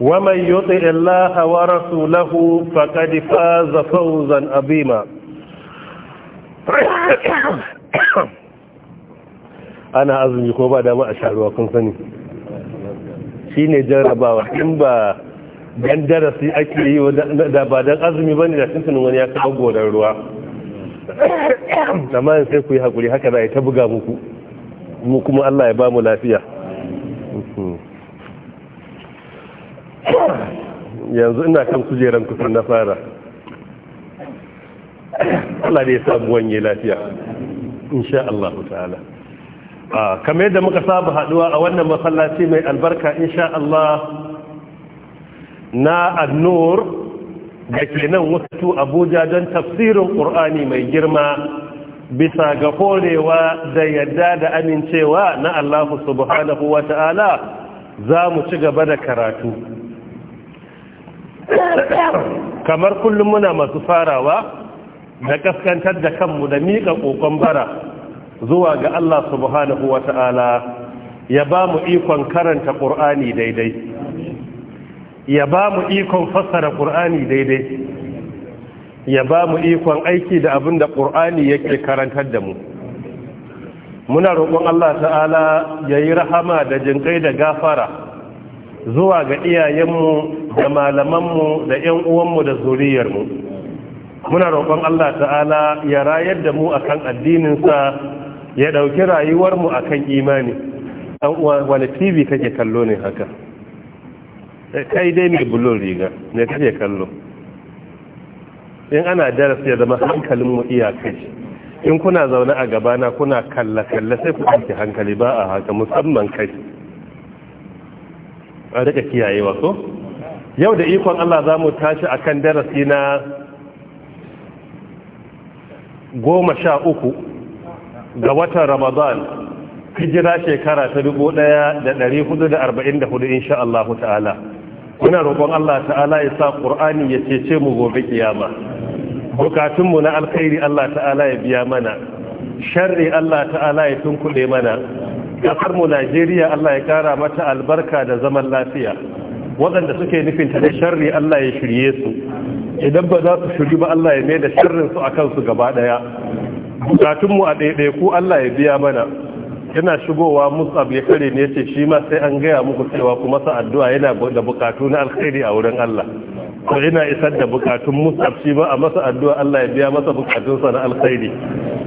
ومن يطع الله ورسوله فقد فاز فوزا عظيما ana azumi ko ba dama a sharuwa kun sani shi ne jarrabawa in ba dan darasi ake yi da ba dan azumi ba ne da tuntunin wani ya taɓa gonar ruwa amma sai ku yi haƙuri haka za a yi ta buga muku mu kuma allah ya ba mu lafiya yanzu ina kan kujeran kusan na fara Allah da ya samu wanye lafiya insha Allah ta'ala ah, kamar yadda muka saba haduwa a wannan masallaci mai albarka insha Allah na annur da ke nan wasu abuja don tafsirin ƙur'ani mai girma bisa ga korewa da yadda da amincewa na Allah subhanahu wa ta'ala za mu ci gaba da karatu kamar kullum muna masu farawa na kaskantar da kanmu da miƙa ƙoƙon bara zuwa ga Allah subhanahu wa ta'ala ya ba mu ikon karanta ƙur'ani daidai ya ba mu ikon fassara ƙur'ani daidai ya ba mu ikon aiki da abin da ƙur'ani yake karantar da mu muna roƙon Allah ta'ala ya yi rahama da jinƙai da gafara zuwa ga iyayenmu da malamanmu da 'yan uwanmu da zuriyarmu muna roƙon Allah ta'ala ya rayar da mu akan addininsa ya ɗauki rayuwarmu akan imani wani tv kake kallo ne haka kai dai mai bulon riga ne kake kallo in ana darasi ya zama hankalinmu iyakai in kuna zaune a gabana kuna kalla-kalla sai ku hankali ba a haka musamman kai a rika kiyayewa so yau da ikon Allah za mu tashi a kan darasi na goma sha uku ga watan ramadan hijira shekara ta dubu ɗaya da ɗari hudu da arba'in da hudu insha Allah ta'ala muna roƙon Allah ta'ala ya sa ƙur'ani ya cece mu gobe kiyama bukatunmu na alkhairi Allah ta'ala ya biya mana sharri Allah ta'ala ya tunkuɗe mana kasar mu Najeriya Allah ya kara mata albarka da zaman lafiya waɗanda suke nufin ta da sharri Allah ya shirye su idan ba za su shiryu ba Allah ya mai da sharrin su a kansu gaba daya bukatunmu a a ɗaiɗaiku Allah ya biya mana yana shigowa Musab ya kare ne yace shi ma sai an gaya muku cewa kuma sa addu'a yana da bukatu na alkhairi a wurin Allah to ina isar da bukatun Musab shi ba a masa addu'a Allah ya biya masa bukatunsa na alkhairi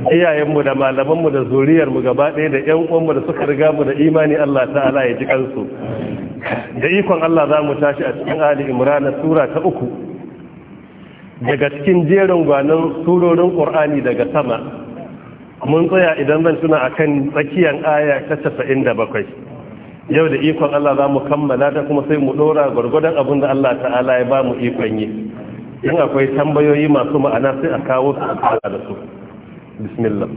iyayenmu da malamanmu da zuriyarmu gaba ɗaya da ƴan uwanmu da suka riga mu da imani Allah ta'ala ya ji kansu da ikon Allah za mu tashi a cikin Ali Imran sura ta uku daga cikin jerin gwanon surorin Qur'ani daga sama mun tsaya idan zan tuna a kan tsakiyar aya ta 97 yau da ikon Allah za mu kammala ta kuma sai mu ɗora gwargwadon abin da Allah ta'ala ya ba mu ikon yi in akwai tambayoyi masu ma'ana sai a kawo su a da su الله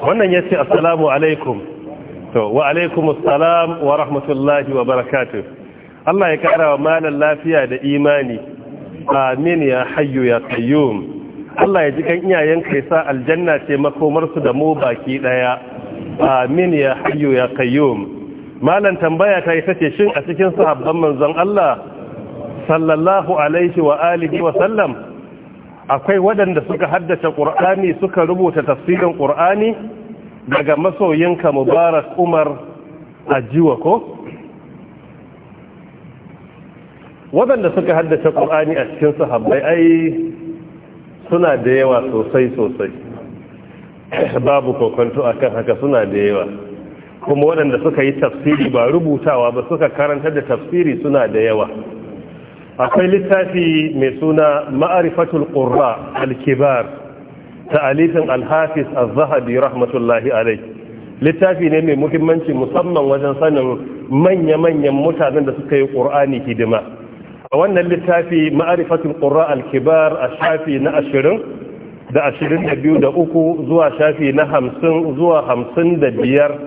wannan ya ce assalamu alaikum to wa alaikum assalam wa rahmatullahi wa barakatuh Allah ya kara wa malan lafiya da imani amin ya hayyu ya qayyum Allah ya ji kan iyayen kai sa aljanna ce makomar su da mu baki daya amin ya hayyu ya qayyum malan tambaya ta ita ce shin a cikin sahabban manzon Allah sallallahu alaihi wa alihi wa sallam akwai waɗanda suka haddace ƙur'ani suka rubuta tafsirin ƙur'ani daga masoyinka mubarak umar ajiwa ko waɗanda suka haddace ƙur'ani a cikin sahabbai ai suna da yawa sosai sosai babu kokonto akan haka suna da yawa kuma waɗanda suka yi tafsiri ba rubutawa ba suka karanta da tafsiri suna da yawa akwai littafi mai suna ma'arifatul ƙura al-kibar ta'alifin alhafis a az-zahabi rahmatullahi alai littafi ne mai muhimmanci musamman wajen sanin manya-manyan mutanen da suka yi ƙur'ani hidima a wannan littafi ma'arifatul ƙura al-kibar a shafi na ashirin da ashirin da biyu da uku zuwa shafi na hamsin zuwa hamsin da biyar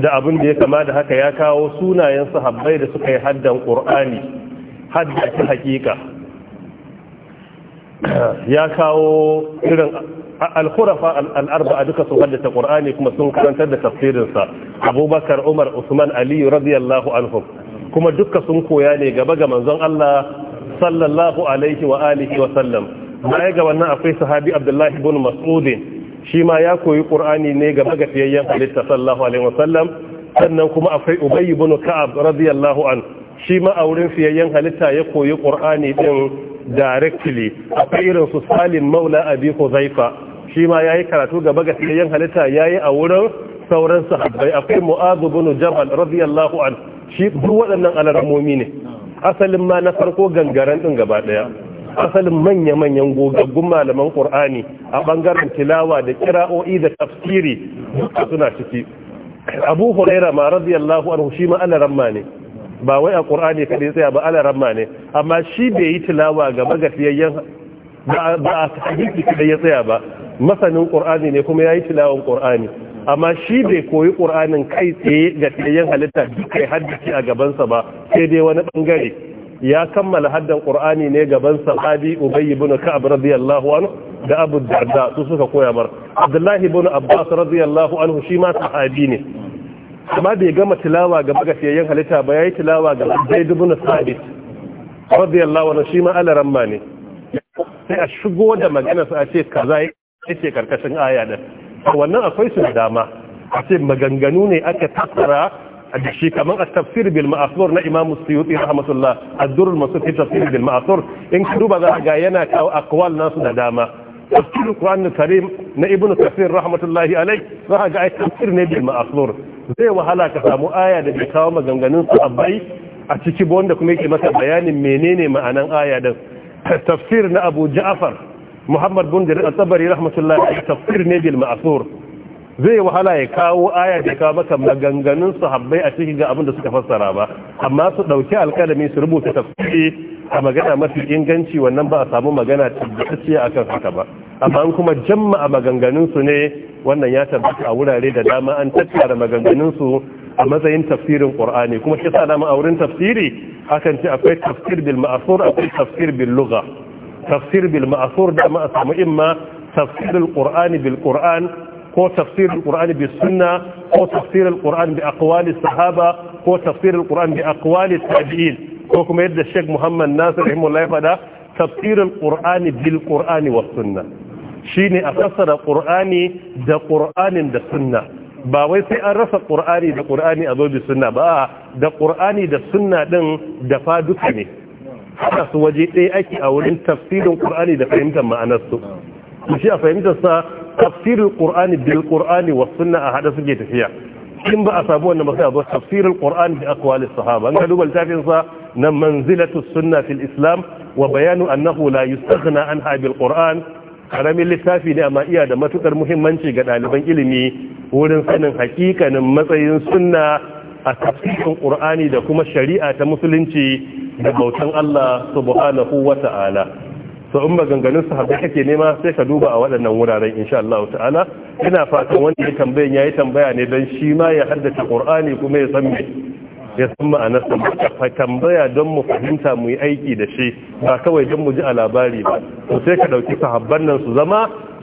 da abin da ya kama da haka ya kawo sunayen sahabbai da suka yi haddan ƙur'ani. hadda ta hakika ya kawo irin al-khurafa al-arba'a duka sun haddace qur'ani kuma sun karantar da tafsirinsa abubakar umar usman ali radiyallahu anhum kuma duka sun koya ne gaba ga manzon Allah sallallahu alaihi wa alihi wa sallam baya ga wannan akwai sahabi abdullahi ibn mas'ud shi ma ya koyi qur'ani ne gaba ga fiyayyen halitta sallallahu alaihi wa sallam sannan kuma akwai ubay ibn ka'ab radiyallahu anhu shi ma a wurin fiyayyen halitta ya koyi ƙur'ani ɗin directly a irin su salim maula abi huzaifa shi ma ya yi karatu gaba ga fiyayyen halitta ya yi a wurin sauran sahabbai akwai mu'azu bin jabal radiyallahu an shi duk waɗannan alarmomi ne asalin ma na farko gangaren ɗin gaba ɗaya asalin manya-manyan gogaggun malaman ƙur'ani a ɓangaren tilawa da kira'o'i da tafsiri duka suna ciki abu huraira ma radiyallahu anhu shi ma alaramma ne ba wai a ƙur'ani kaɗai tsaya ba ala ramma ne amma shi bai yi tilawa ga magafiyayyen ba a kaɗai ya tsaya ba masanin ƙur'ani ne kuma ya yi tilawan ƙur'ani amma shi bai koyi ƙur'anin kai tsaye ga tsayayyen halitta duka haddace a gabansa ba sai dai wani ɓangare ya kammala haddan ƙur'ani ne gaban sahabi ubayy ibn ka'ab radiyallahu anhu da abu darda su suka koya mar abdullahi ibn abbas radiyallahu anhu shi ma sahabi ne amma bai gama tilawa ga magafiyayyen halitta ba ya yi tilawa ga Zaid ibn Sabit radiyallahu anhu shi ma ma ne sai a shigo da magana sa a ce kaza yake karkashin aya da wannan akwai su dama a ce maganganu ne aka tattara da shi kamar a tafsir bil ma'asur na imamu suyuti rahmatullah ad-durr masu fi tafsir bil ma'asur in ka duba za ga yana kawo akwal nasu da dama tafsir qur'an karim na ibnu tafsir rahmatullahi alayh za ga ai tafsir ne bil ma'asur zai wahala ka samu aya da bai kawo maganganun su a ciki wanda kuma yake maka bayanin menene ma'anan aya din tafsir na Abu Ja'far Muhammad bin Jarir al-Tabari rahmatullahi tafsir ne bil ma'thur zai wahala ya kawo aya da kawo maka maganganun sahabbai a cikin ga abin da suka fassara ba amma su dauki alkalami su rubuta tafsiri a magana mafi inganci wannan ba a samu magana tabbatacciya akan haka ba amma kuma jama'a maganganunsu ne wannan ya tabbata a wurare da dama an tattara maganganunsu a matsayin tafsirin qur'ani kuma shi sa dama a wurin tafsiri akan ce akwai tafsir bil ma'asur akwai tafsir bil lugha tafsir bil ma'asur da ma a samu imma tafsir al qur'ani bil qur'an ko tafsir al qur'ani bis sunna ko tafsir al qur'an bi aqwali sahaba ko tafsir al qur'an bi aqwali tabi'in ko kuma yadda Sheikh Muhammad Nasir rahimahullah ya fada tafsir al qur'ani bil qur'ani was sunnah shine a fassara qur'ani da qur'anin da sunna ba wai sai an rasa qur'ani da qur'ani a zo bi sunna ba da qur'ani da sunna din da fa duka ne haka su waje ɗaya ake a wurin tafsirin qur'ani da fahimtar ma'anar su shi a fahimtar sa tafsirul qur'ani bil qur'ani wa sunna a hada suke tafiya in ba a samu wannan ba sai a zo tafsirul qur'ani bi aqwalis sahaba an ga duba littafin sa na manzilatu sunna fil islam wa bayanu annahu la yustaghna anha bil qur'an karamin littafi ne amma iya da matukar muhimmanci ga ɗaliban ilimi wurin sanin hakikanin matsayin sunna a tafsirin qur'ani da kuma shari'a ta musulunci da bautan Allah subhanahu wa ta'ala so in maganganun sahabbai kake nema sai ka duba a waɗannan wuraren insha Allah ta'ala ina fatan wanda ya tambayan yayi tambaya ne dan shi ma ya haddace qur'ani kuma ya san me ya san ma'anarsa muka ka tambaya don mu fahimta mu yi aiki da shi ba kawai don mu ji a labari ba to sai ka dauki sahabban nan su zama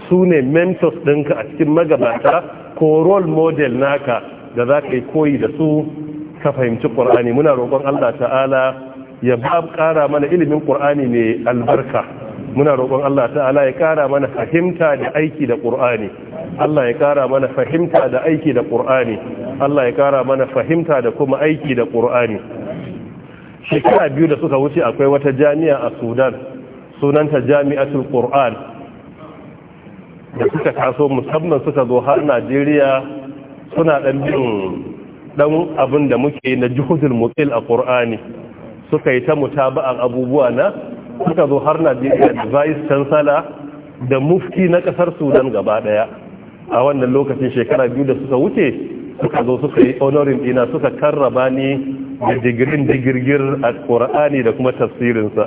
su ne mentors ɗinka a cikin magabata ko role model naka da za ka yi koyi da su ka fahimci ƙur'ani muna roƙon Allah ta'ala ya ba ƙara mana ilimin ƙur'ani mai albarka muna roƙon Allah ta'ala ya ƙara mana fahimta da aiki da ƙur'ani Allah ya kara mana fahimta da aiki da ƙur'ani Allah ya kara mana fahimta da kuma aiki da ƙur'ani shekara biyu da suka wuce akwai wata jami'a a sudan sunanta jami'atul ƙur'an da suka taso musamman suka zo har najeriya suna ɗan bin ɗan abin da muke na juhudul muƙil a ƙur'ani suka yi ta mutaba'an abubuwa na suka zo har najeriya da vice chancellor da mufti na ƙasar sudan gaba ɗaya a wannan lokacin shekara biyu da suka wuce suka zo suka yi honorin dina suka karraba ni da digirin digirgir a ƙura'ani da kuma tafsirinsa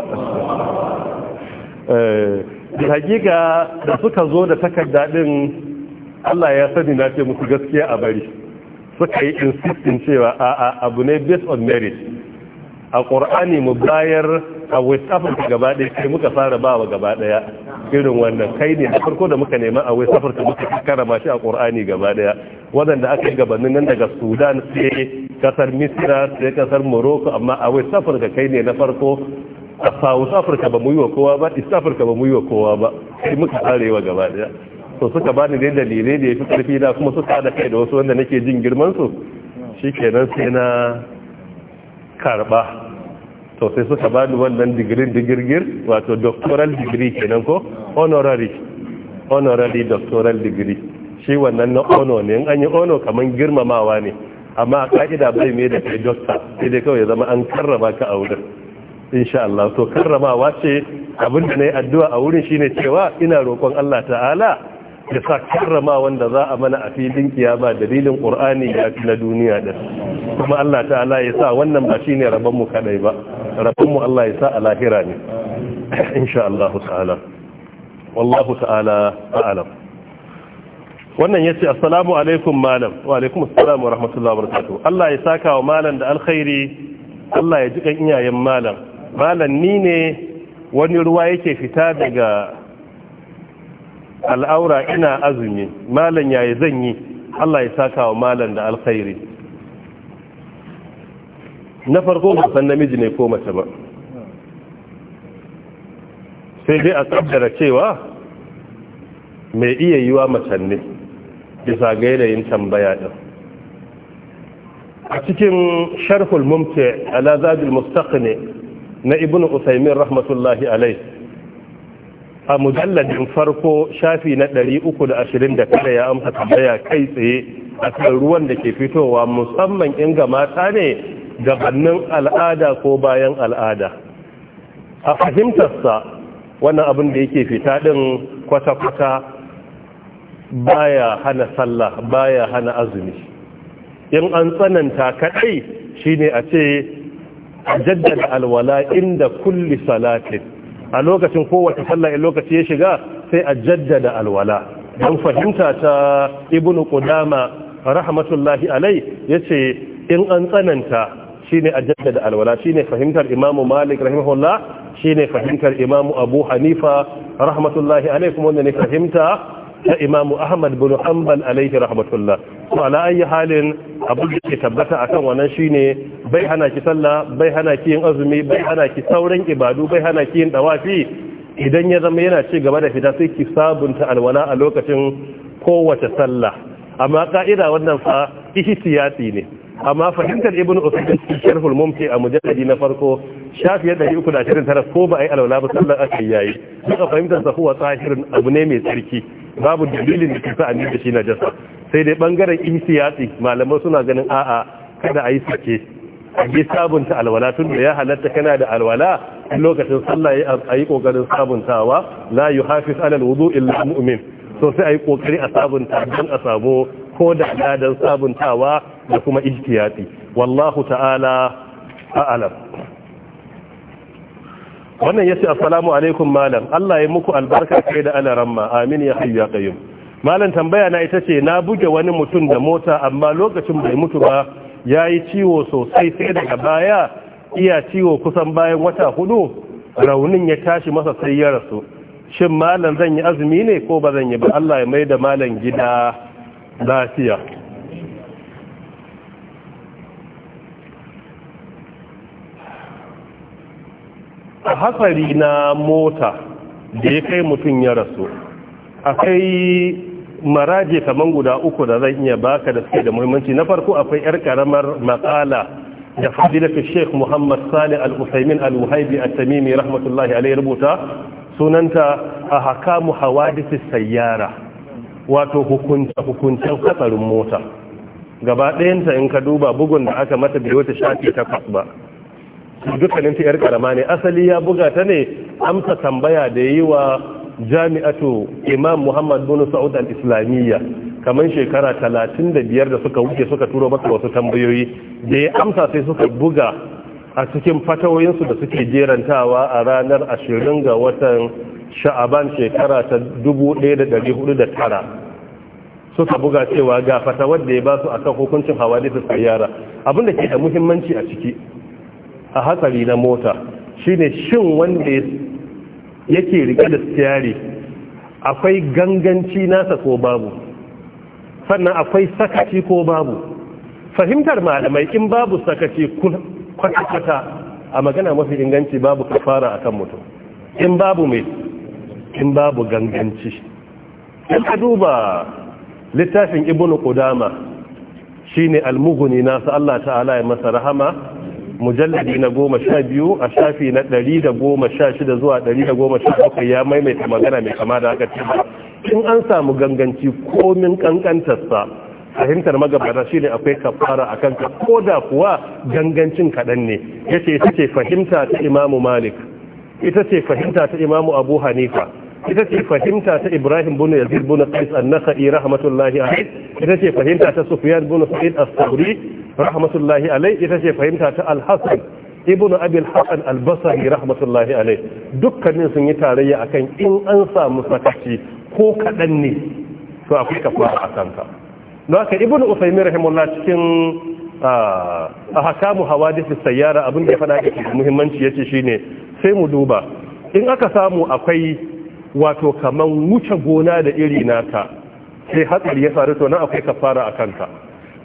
eh, da hakika da suka zo da takarda ɗin allah ya sani na ce musu gaskiya a bari suka yi insistin cewa a abu ne based on merit a ƙura'ani mu bayar a west africa gaba sai muka fara bawa gabaɗaya. gaba ɗaya irin wannan kai ne da farko da muka nema a wai safar muka karama shi a qur'ani gaba daya wadanda aka yi gabanin nan daga sudan sai kasar misira sai kasar morocco amma a wai safar ka kai ne na farko a south africa ba mu yi wa kowa ba east africa ba mu yi wa kowa ba sai muka arewa gaba daya to suka ba ni dai dalilai da ya fi karfi na kuma suka da kai da wasu wanda nake jin girmansu su shikenan sai na karɓa. to sai suka ba ni wannan digirin digirgir wato doctoral degree kenan ko honorary honorary doctoral degree shi wannan na ono ne an yi ono kaman girmamawa ne amma a ka'ida bai mai da kai doctor sai dai kawai zama an karrama ka a wurin insha Allah to karramawa ce abin da na addu'a a wurin shine cewa ina roƙon Allah ta'ala ya sa karrama wanda za a mana a filin kiyama dalilin ƙur'ani ya na duniya ɗin kuma Allah ta'ala ya sa wannan ba shine rabon mu kadai ba rafinmu Allah ya sa a lahira ne insha Allah ta'ala wallahu ta'ala a'lam wannan ce, assalamu alaikum malam wa alaikum assalamu wa rahmatullahi wa barakatuh Allah ya saka wa malam da alkhairi Allah ya ji kan iyayen malam malam ni ne wani ruwa yake fita daga al'aura ina azumi malam yayi zan yi Allah ya saka wa malam da alkhairi na farko ba san namiji ne ko mace ba sai dai a tsabdara cewa mai iya yiwa macen ne bisa ga yanayin tambaya ɗin. a cikin sharhul mumti ala zabil mustaqni na ibn Usaimin rahmatullahi alai a mujalladin farko shafi na ɗari uku da da ashirin kada ya amsa tambaya kai tsaye a kan ruwan da ke fitowa musamman in mata ne gabanin al'ada ko bayan al'ada a fahimtarsa wannan abin da yake fita din kwata-kwata baya hana sallah baya hana azumi in an tsananta kaɗai shine a ce a jaddada alwala inda kulli salatin a lokacin kowace sallah in lokaci ya shiga sai a jaddada alwala don fahimta ta ibnu qudama rahmatullahi alai yace in an tsananta shine a da alwala shine fahimtar imamu malik rahimahullah shine fahimtar imamu abu hanifa rahmatullahi alaihi kuma wanda ne fahimta ta imamu ahmad bin hanbal alaihi rahmatullah to ala ayi halin abin da ke tabbata akan wannan shine bai hana ki sallah bai hana ki yin azumi bai hana ki sauran ibadu bai hana ki yin dawafi idan ya zama yana ci gaba da fita sai ki sabunta alwala a lokacin kowace sallah amma ka'ida wannan fa ihtiyati ne amma fahimtar ibn Usman, fi sharhul mumti a mujalladi na farko shafi 329 ko ba ai alwala ba sallar aka yayi duka fahimtar sa huwa tsahirin abu ne mai tsarki babu dalilin da kisa an da shi na jasa sai dai bangaren isiyati malaman suna ganin a'a kada a yi sake a yi sabunta alwala tun da ya halatta kana da alwala lokacin sallah a yi kokarin sabuntawa la yuhafiz ala alwudu illa mu'min so sai a yi kokari a sabunta don a samu ko da ladan sabuntawa da kuma ijtihadi wallahu ta'ala a'lam wannan yace assalamu alaikum malam Allah ya muku albarka kai da alaramma amin ya hayya qayyum malam tambaya na ita ce na buge wani mutum da mota amma lokacin bai mutu ba yayi ciwo sosai sai daga baya iya ciwo kusan bayan wata hudu raunin ya tashi masa sai ya rasu shin malam zan yi azumi ne ko ba zan yi ba Allah ya mai da malam gida lafiya a hatsari na mota da ya kai mutum ya rasu akwai maraje kaman guda uku da zan iya baka da suke da muhimmanci na farko akwai yar karamar matsala da fadilatu sheikh muhammad salih al-usaimin al-wahaibi at-tamimi rahmatullahi alai rubuta sunanta a hakamu hawadisi sayyara wato hukuncin hukuncen hatsarin mota gaba ɗayanta in ka duba bugun da aka mata bai wata shafi takwas ba dukkanin ta yar karama ne asali ya buga ta ne amsa tambaya da yi wa jami'atu imam muhammad bin sa'ud al-islamiyya kamar shekara 35 da suka wuce suka turo masa wasu tambayoyi da ya amsa sai suka buga a cikin fatawoyinsu da suke jerantawa a ranar ashirin ga watan sha'aban shekara ta 1409 suka buga cewa ga fatawar da ya ba su akan hukuncin hawadisu sayyara abinda ke da muhimmanci a ciki a hatsari na mota shine shin wanda yake rike da siyari akwai ganganci nasa ko babu sannan akwai sakaci ko babu fahimtar malamai in babu sakaci kwata-kwata a magana mafi inganci babu kafara akan mutum in babu mai in babu ganganci in ka duba littafin ibn qudama shine almughni nasu Allah ta'ala ya masa rahama Mujallabi na goma sha biyu a shafi na ɗari da goma sha shida zuwa ɗari da goma sha bakwai ya maimaita magana mai kama da haka cewa in an samu ganganci komin ƙanƙantarsa fahimtar magabata shi ne akwai kafara a kanka ko da kuwa gangancin kaɗan ne ya ce ita ce fahimta ta imamu malik ita ce fahimta ta imamu abu hanifa ita ce fahimta ta Ibrahim bin Yazid bin Qais an-Nakhai rahmatullahi alayh ita ce fahimta ta Sufyan bin Sa'id as-Thawri rahmatullahi alayh ita ce fahimta ta Al-Hasan ibn Abi al-Hasan al-Basri rahmatullahi alayh dukkanin sun yi tarayya akan in an samu sakaci ko kadan ne to akwai kafara a ka don haka ibn Usaymin rahimahullah cikin a hakamu hawa as-sayyara abin da ya fada muhimmanci yace shine sai mu duba in aka samu akwai wato kamar wuce gona da iri ta sai hatsari ya faru to nan akwai kafara a kanka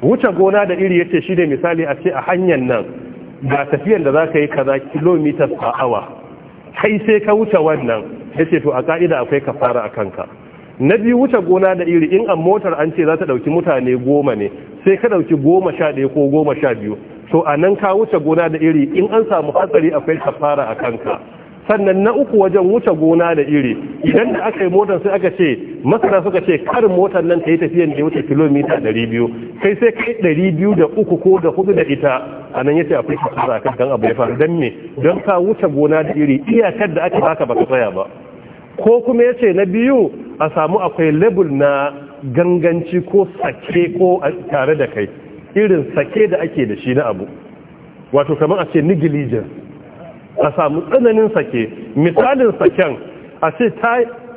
wuce gona da iri yace shi ne misali a ce a hanyar nan ga tafiyar da za ka yi kaza kilomitas a awa kai sai ka wuce wannan yace to a ka'ida akwai kafara a kanka na biyu wuce gona da iri in a motar an ce za ta ɗauki mutane goma ne sai ka ɗauki goma sha ɗaya ko goma sha biyu to a nan ka wuce gona da iri in an samu hatsari akwai kafara a kanka sannan na uku wajen wuce gona da iri idan da aka yi motar sai aka ce masana suka ce kar motar nan ta yi tafiyan da wuce kilomita 200 kai sai kai 200 ko da hudu da ita a nan yace afirka su za kan abu ya faru don me don ka wuce gona da iri iyakar da ake baka baka tsaya ba ko kuma ya ce na biyu a samu akwai label na ganganci ko sake ko tare da kai irin sake da ake da shi na abu wato kamar a ce negligence a samu tsananin sake misalin saken a ce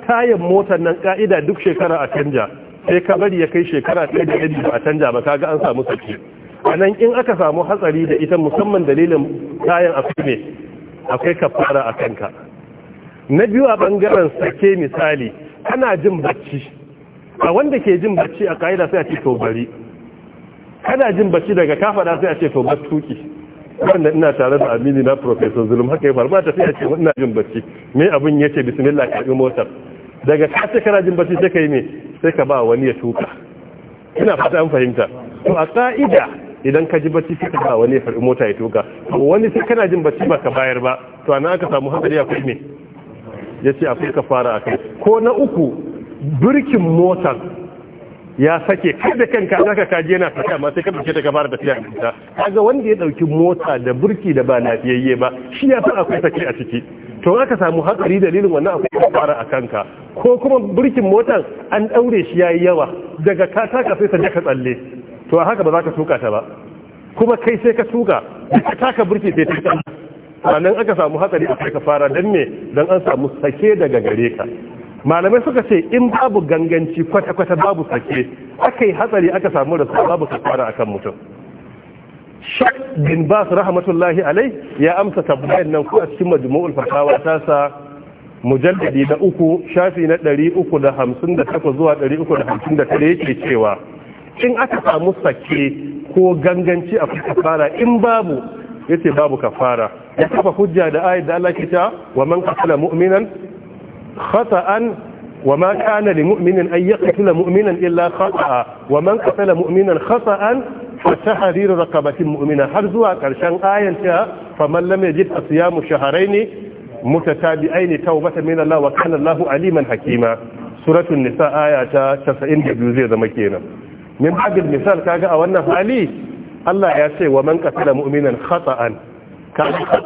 tayin motar nan ka'ida duk shekara a canja sai ka bari ya kai shekara ɗaya da ba a canja ba kaga an samu sake a nan in aka samu hatsari da ita musamman dalilin tayin akwai ne akwai kafara a kanka na biyu a bangaren sake misali kana jin bacci a wanda ke jin bacci a ka'ida sai a ce to bari kana jin bacci daga kafada sai a ce to bar tuki wannan ina tare da amini na profesor zulum haka ya faru ba tafiya ce ina jin bacci me abin yace bismillah karbi motar daga ka ce kana jin bacci sai kai me sai ka ba wani ya tuka ina fata an fahimta to a ka'ida idan ka ji bacci sai ka ba wani ya farbi mota ya tuka wani sai kana jin bacci ba ka bayar ba to anan aka samu hadari akwai me yace fara a akai ko na uku birkin motar ya sake kada da kanka ka kaji yana tafiya ma sai ka dauke ta ka fara tafiya da ita kaga wanda ya ɗauki mota da burki da ba lafiyayye ba shi ya san akwai sake a ciki to aka samu hatsari dalilin wannan akwai fara a kanka ko kuma burkin motar an daure shi ya yi yawa daga ka taka sai ta ka tsalle to a haka ba za ka tuka ta ba kuma kai sai ka tuka ka taka burki sai ta tsalle sannan aka samu hatsari a kai ka fara dan me dan an samu sake daga gare ka malamai suka ce in babu ganganci kwata-kwata babu sake aka yi hatsari aka samu da babu kafara akan mutum shak bin bas rahmatullahi alai ya amsa tabbayan nan ko a cikin majmu'ul fatawa ta sa mujalladi na uku shafi na uku da da hamsin takwas, zuwa uku da da hamsin tare yake cewa in aka samu sake ko ganganci a kafara in babu yace babu kafara ya kafa hujja da ayat da Allah ke cewa wa man qatala mu'minan khata'an wa ma kana li mu'minin an yaqtula illa khata'a wa man qatala mu'minan khata'an fa tahriru raqabati mu'mina har zuwa karshen ayan ta fa man lam yajid asyamu shahrayn mutatabi'ain tawbata min Allah wa kana aliman hakima suratul nisa aya ta 92 zai zama kenan min bagil misal kaga a wannan hali Allah ya ce wa man qatala mu'minan khata'an ka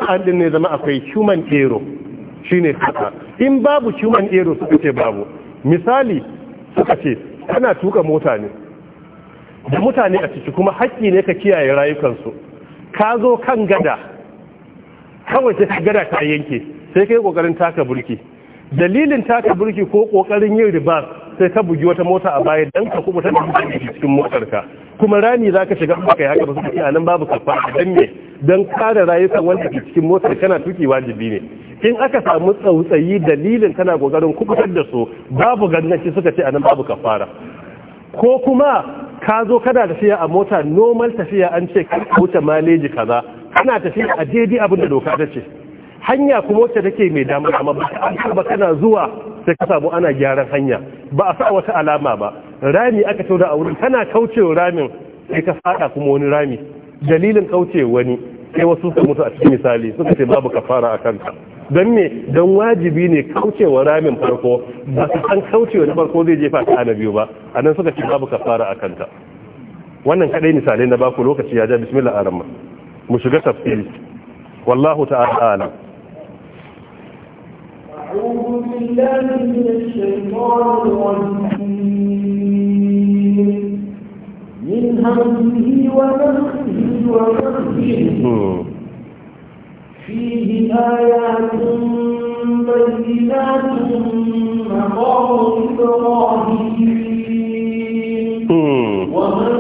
an din ne zama akwai human error Shi ne haka in babu human error suka ce babu misali suka ce kana tuka mota ne da mutane a ciki kuma haƙƙi ne ka kiyaye rayukansu ka zo kan gada kawai sai ka gada ta yanke sai kai kokarin taka burki dalilin taka burki ko kokarin yin riba sai ka bugi wata mota a baya dan ka kubuta da cikin motar kuma rani zaka shiga ka yi haka ba su a nan babu kafa dan me don kare rayukan wanda ke cikin motar kana tuki wajibi ne in aka samu tsautsayi dalilin kana gogarin kubutar da su babu ganganci suka ce anan babu kafara ko kuma ka zo kana tafiya a mota normal tafiya an ce ka wuce maleji kaza kana tafiya a daidai abin da doka ta ce hanya kuma wacce take mai damar amma ba an ba kana zuwa sai ka samu ana gyaran hanya ba a sa wata alama ba rami aka tauda a wurin kana kaucewa ramin sai ka fada kuma wani rami dalilin kauce wani sai wasu suka mutu a cikin misali suka ce babu kafara a kanka don me don wajibi ne kaucewa ramin farko ba su san kaucewa na farko zai jefa ta na biyu ba a nan suka ce babu kafara a kanka wannan kadai misalai na baku lokaci ya ja bismillah arama mu shiga tafsiri wallahu ta'ala alam من همزه ونفسه ونفسه فيه آيات بينات مقام إبراهيم ومن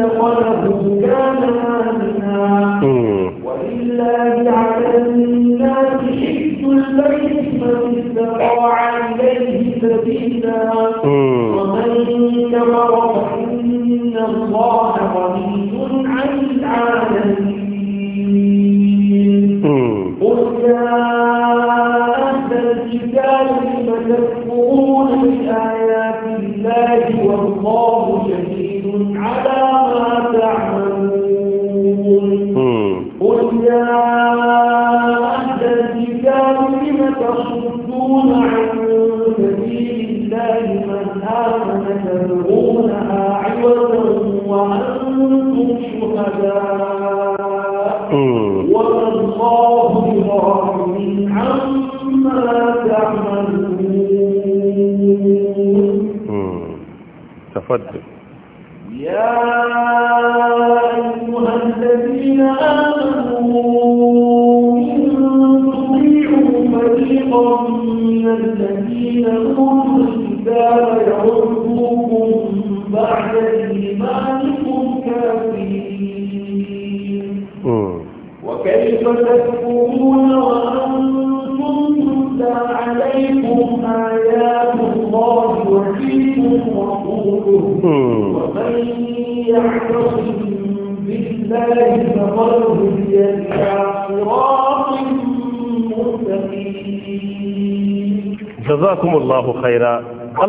دخله كان آمنا وإلا على الناس حج البيت من استطاع إليه سبيلا ومن كفر فإن إن الله غني عن العالمين قل يا أهل الكتاب لم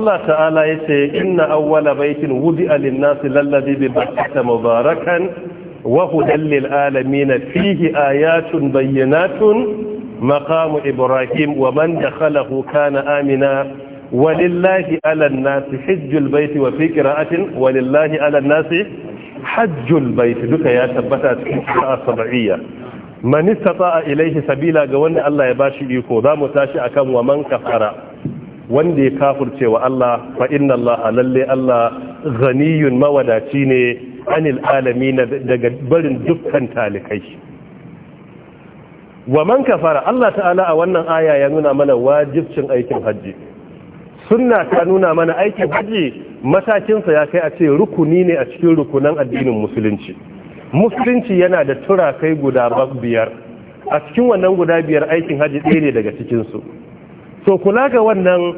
Allah ta'ala ya ce inna awwala baitin wudi'a lin-nasi lalladhi bi bakkata mubarakan wa hudan lil-alamin fihi ayatun bayyinatun maqamu ibrahim wa man dakhalahu kana amina walillahi 'alan nasi hajjul baiti wa fi qira'atin walillahi 'alan nasi hajjul baiti duka ya tabbata cikin sab'iyya a istata'a ilayhi sabila ga wanda Allah ya bashi iko zamu tashi akan wa man kafara wanda ya kafurce wa Allah fa inna Allah lalle Allah ghaniyun mawadaci ne anil alamin daga barin dukkan talikai wa man kafara Allah ta'ala a wannan aya ya nuna mana wajibcin aikin haji sunna ta nuna mana aikin haji matakinsa ya kai a ce rukuni ne a cikin rukunan addinin musulunci musulunci yana da turakai guda biyar a cikin wannan guda biyar aikin haji ɗaya ne daga su to kula ga wannan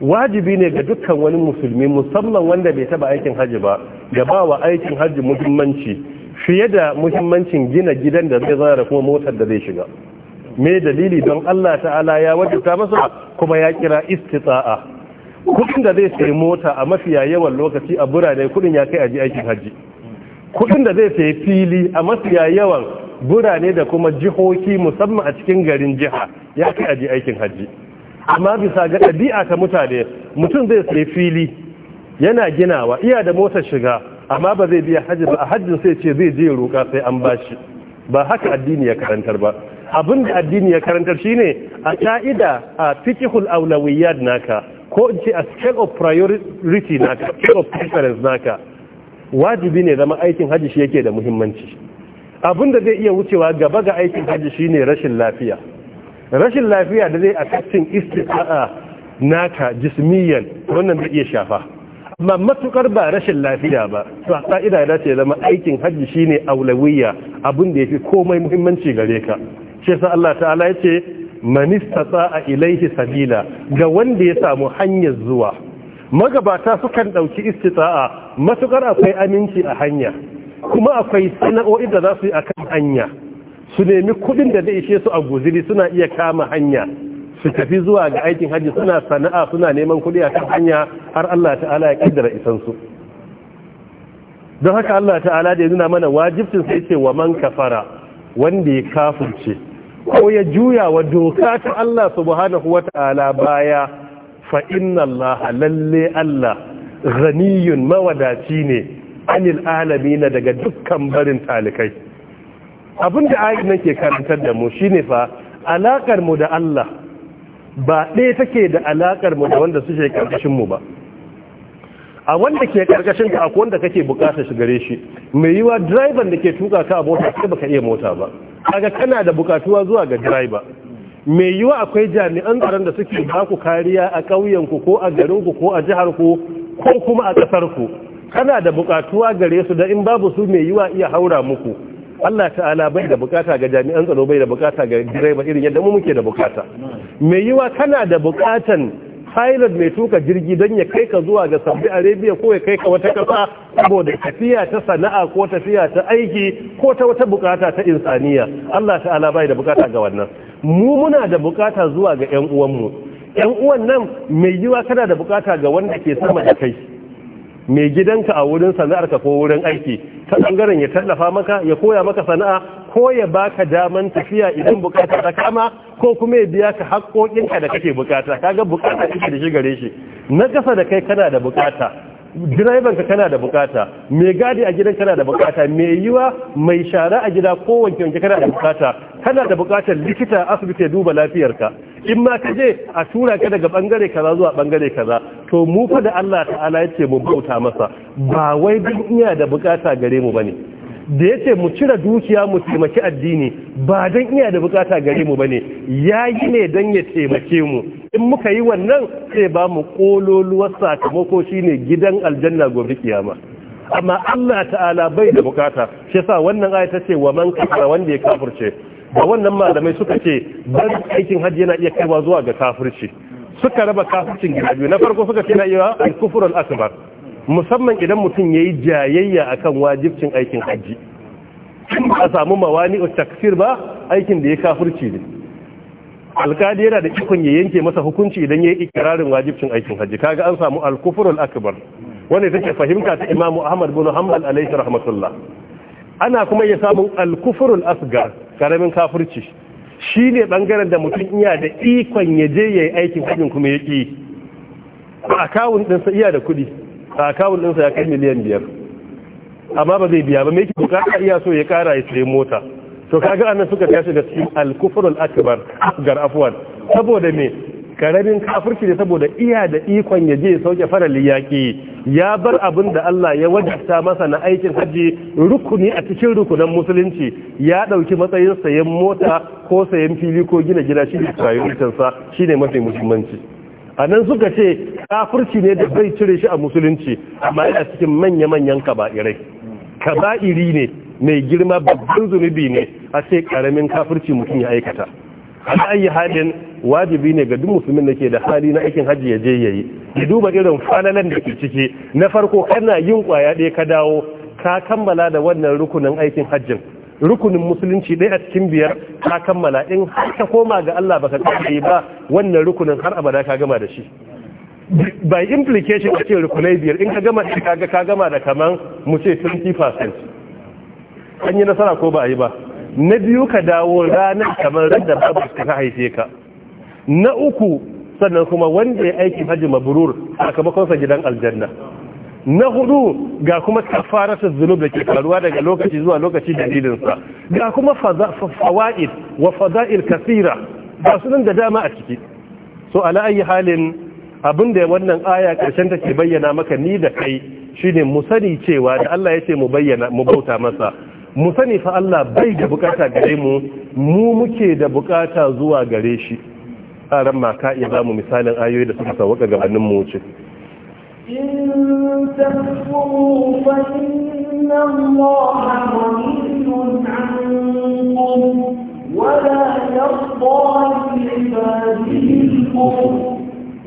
wajibi ne ga dukkan wani musulmi musamman wanda bai taba aikin hajji ba ya ba wa aikin hajji muhimmanci fiye da muhimmancin gina gidan da zai zara da kuma motar da zai shiga me dalili don Allah ta'ala ya wajibta masa kuma ya kira istita'a kudin da zai sayi mota a mafiya yawan lokaci a burane kudin ya kai aji aikin hajji kudin da zai sayi fili a mafiya yawan burane da kuma jihohi musamman a cikin garin jiha ya kai aji aikin hajji amma bisa ga ɗabi'a ta mutane mutum zai sai fili yana ginawa iya da motar shiga amma ba zai biya hajji ba a hajjin sai ce zai je roƙa sai an bashi ba haka addini ya karantar ba abin da addini ya karantar shine a ta'ida a fiqhul awlawiyat naka ko in ce a scale of priority naka scale of preference naka wajibi ne zama aikin hajji shi yake da muhimmanci abin da zai iya wucewa gaba ga aikin hajji shine rashin lafiya rashin lafiya da zai kacin istiqa'a naka jismiyan wannan zai iya shafa amma matukar ba rashin lafiya ba to a ka'ida da ce zama aikin hajji shine aulawiyya abin da fi komai muhimmanci gare ka shi sa Allah ta'ala yace man istata'a ilaihi sabila ga wanda ya samu hanyar zuwa magabata sukan ɗauki istita'a matukar akwai aminci a hanya kuma akwai sana'o'i da za su yi akan hanya su nemi kudin da zai ishe su a guziri suna iya kama hanya su tafi zuwa ga aikin hajji suna sana'a suna neman kudi a kan hanya har Allah ta'ala ya kaddara isan su don haka Allah ta'ala da ya nuna mana wajibcin sai ce wa man kafara wanda ya kafirce ko ya juya wa doka ta Allah subhanahu wa ta'ala baya fa inna Allah lalle Allah ghaniyun mawadaci ne anil alamin daga dukkan barin talikai abin da ayin nake ke karantar da mu shine fa alakar mu da Allah ba ɗaya take da alakar mu da wanda suke karkashin mu ba a wanda ke karkashin ka akwai wanda kake bukatar shi gare shi mai yiwa driver da ke tuka ka a mota sai baka iya mota ba kaga kana da bukatuwa zuwa ga driver mai yiwa akwai jami'an tsaron da suke ba ku kariya a ƙauyen ku ko a garin ku ko a jihar ku ko kuma a ƙasar ku kana da bukatuwa gare su da in babu su mai yiwa iya haura muku Allah ta'ala bai da bukata ga jami'an tsaro bai da bukata ga direba irin yadda mu muke da bukata mai yiwa kana da bukatan pilot mai tuka jirgi don ya kai ka zuwa ga Saudi Arabia ko ya kai ka wata kasa saboda tafiya ta sana'a ko tafiya ta aiki ko ta wata bukata ta insaniya Allah ta'ala bai da bukata ga wannan mu muna da bukata zuwa ga ƴan uwanmu Yan uwan nan mai yiwa kana da bukata ga wanda ke sama da kai mai gidanka a wurin sana'arka ko wurin aiki ta bangaren ya tallafa maka ya koya maka sana'a ko ya baka daman tafiya idan bukata ta kama ko kuma ya biya ka haƙoƙinka da kake bukata kaga bukata kake da shi gare shi na kasa da kai kana da bukata direban ka kana da bukata mai gadi a gidan kana da bukata mai yiwa mai shara a gida ko wanke wanke kana da bukata kana da bukatar likita asibiti ya duba lafiyarka in ma ka je a tura ka daga bangare kaza zuwa bangare kaza to mu fa da Allah ta'ala ya ce mu bauta masa ba wai duk iya da bukata gare mu bane da ya ce mu cire dukiya mu taimaki addini ba don iya da bukata gare mu bane ya yi ne don ya taimake mu in muka yi wannan sai ba mu kololuwar sakamako shine gidan aljanna gobe kiyama amma Allah ta'ala bai da bukata shi yasa wannan aya ta ce wa man kafara wanda ya kafirce da wannan malamai suka ce ban aikin hajji yana iya kaiwa zuwa ga kafirci suka raba kafircin gida biyu na farko suka ce na iya al al-akbar musamman idan mutum yayi jayayya akan wajibcin aikin haji a samu mawani o takfir ba aikin da ya kafirci ne alkadi yana da ikon ya yanke masa hukunci idan yayi yi wajibcin aikin haji kaga an samu al al-akbar wanda take fahimta ta imamu ahmad bin hanbal alaihi rahmatullah ana kuma ya samun al-kufr al karamin kafirci shi ne ɓangaren da mutum iya da ikon ya je ya yi aikin kudin kuma ya ƙi a kawun ɗinsa iya da kudi a kawun ɗinsa ya kai miliyan biyar amma ba zai biya ba mai bukata iya so ya ƙara ya sayi mota to kaga annan suka tashi da cikin alkufrul akbar gar afwan saboda me karamin kafirci ne saboda iya da ikon ya je sauke farali yaƙi ya bar abin da Allah ya wajabta masa na aikin hajji rukuni a cikin rukunan musulunci ya ɗauki matsayin sayan mota ko sayan fili ko gina gida shi ne rayuwarsa shi ne mafi muhimmanci a nan suka ce kafirci ne da bai cire shi a musulunci amma a cikin manya-manyan kaba'irai kaba'iri ne mai girma babban zunubi ne a ce karamin kafirci mutum ya aikata ala ayi halin wajibi ne ga duk musulmin da ke da hali na aikin hajji ya je yayi ya duba irin falalan da ke ciki na farko kana yin kwaya ɗaya ka dawo ka kammala da wannan rukunin aikin hajjin rukunin musulunci ɗaya a cikin biyar ka kammala in har ka koma ga Allah baka kai ba wannan rukunin har abada ka gama da shi by implication ake rukunai biyar in ka gama shi kaga ka gama da kaman mu ce 20% an yi nasara ko ba a yi ba na biyu ka dawo ranar kamar da babar ka ta haife ka na uku sannan kuma wanda ya aiki hajji mabrur sakamakonsa gidan aljanna na hudu ga kuma ta zunub da ke faruwa daga lokaci zuwa lokaci dalilinsa ga kuma fawaid wa fada'il kasira su nan da dama a ciki so ala ayi halin abin da wannan aya karshen take bayyana maka ni da kai shine mu sani cewa da Allah ya ce mu bayyana mu bauta masa mu sani fa Allah bai da bukata gare mu mu muke da bukata zuwa gare shi ran ma ka iya zamu misalin ayoyi da suka sauka gabanin mu wuce in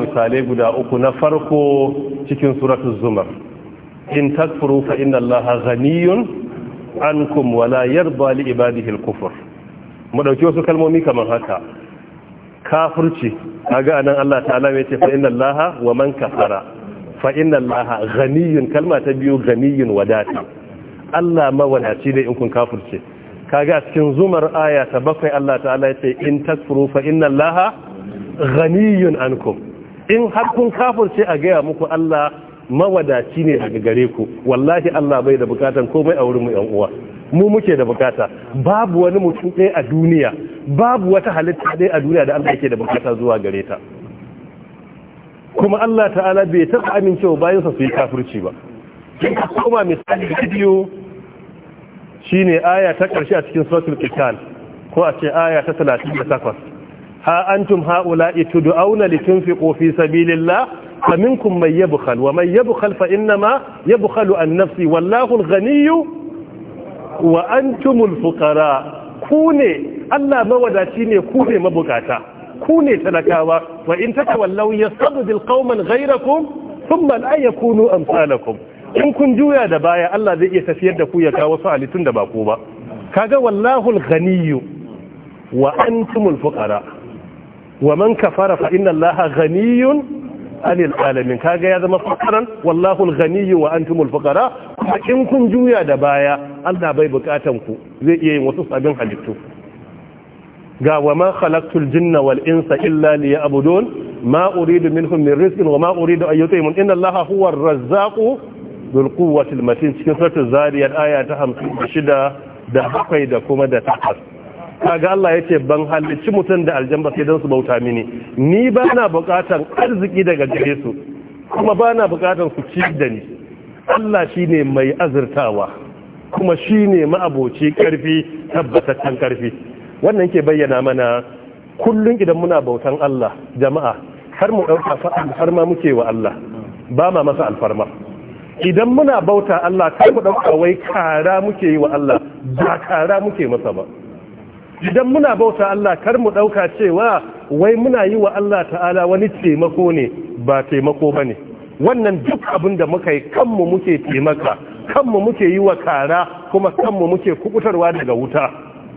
misalai guda uku na farko cikin suratul zumar in takfuru fa inna allaha ghaniyun ankum wala yarda li ibadihi al-kufr mu dauki wasu kalmomi kamar haka kafirci kaga anan Allah ta'ala ya ce fa inna allaha wa man kafara fa inna allaha ghaniyun kalma ta biyu ghaniyun wadata Allah ma mawadaci ne in kun kafirce kaga cikin zumar aya ta bakwai Allah ta'ala ya ce in takfuru fa inna allaha ghaniyun ankum in har kun kafin sai a gaya muku Allah mawadaci ne daga gare ku wallahi Allah bai da bukatan komai a wurin mu yan uwa mu muke da bukata babu wani mutum ɗaya a duniya babu wata halitta ɗaya a duniya da Allah yake da bukata zuwa gare ta kuma Allah ta'ala bai taɓa amincewa bayan sa su yi kafirci ba kin ka koma misali bidiyo shine aya ta ƙarshe a cikin suratul qital ko a ce aya ta 38 ha antum haula'i tud'auna litunfiqu fi sabilillah mai yabu khal. wa mai yabu khal fa innama yabkhalu an nafsi wallahu al-ghaniyyu wa antumul fukara. ku ne Allah mawadaci ne ku ne mabukata ku ne talakawa wa in tatawallaw yastabdil qauman ghayrakum thumma la yakunu amsalakum in kun juya da baya Allah zai iya tafiyar da ku ya kawo su halittun da ba ku ba kaga wallahul ghaniyyu wa antumul fukara. wa man kafara fa inna allaha ghaniyun anil alamin kaga ya zama fakaran wallahu alghaniyyu wa antumul fuqara kuma in kun juya da baya Allah bai bukatan ku zai iya yin wasu sabbin halittu ga wa ma khalaqtul jinna wal insa illa liya'budun ma uridu minhum min rizqin wa ma uridu an yut'imun inna allaha huwar razzaqu dhul quwwati al matin cikin suratul zariyat aya ta 56 da 7 da kuma da 8 kaga Allah ya ce ban halicci mutum da aljamba sai dan su bauta mini ni ba na bukatan arziki daga gare su kuma ba na bukatan su ci da ni Allah shi ne mai azurtawa kuma shi ne ma'aboci karfi tabbataccen karfi wannan ke bayyana mana kullum idan muna bautan Allah jama'a har mu har alfarma muke wa Allah ba ma masa alfarma idan muna bauta Allah kar mu ɗauka wai kara muke yi wa Allah ba kara muke masa ba idan muna bauta Allah kar mu ɗauka cewa wai muna yi wa Allah ta'ala wani taimako ne ba taimako ba ne wannan duk abin da muka yi kanmu muke taimaka kanmu muke yi wa kara kuma kanmu muke kukutarwa daga wuta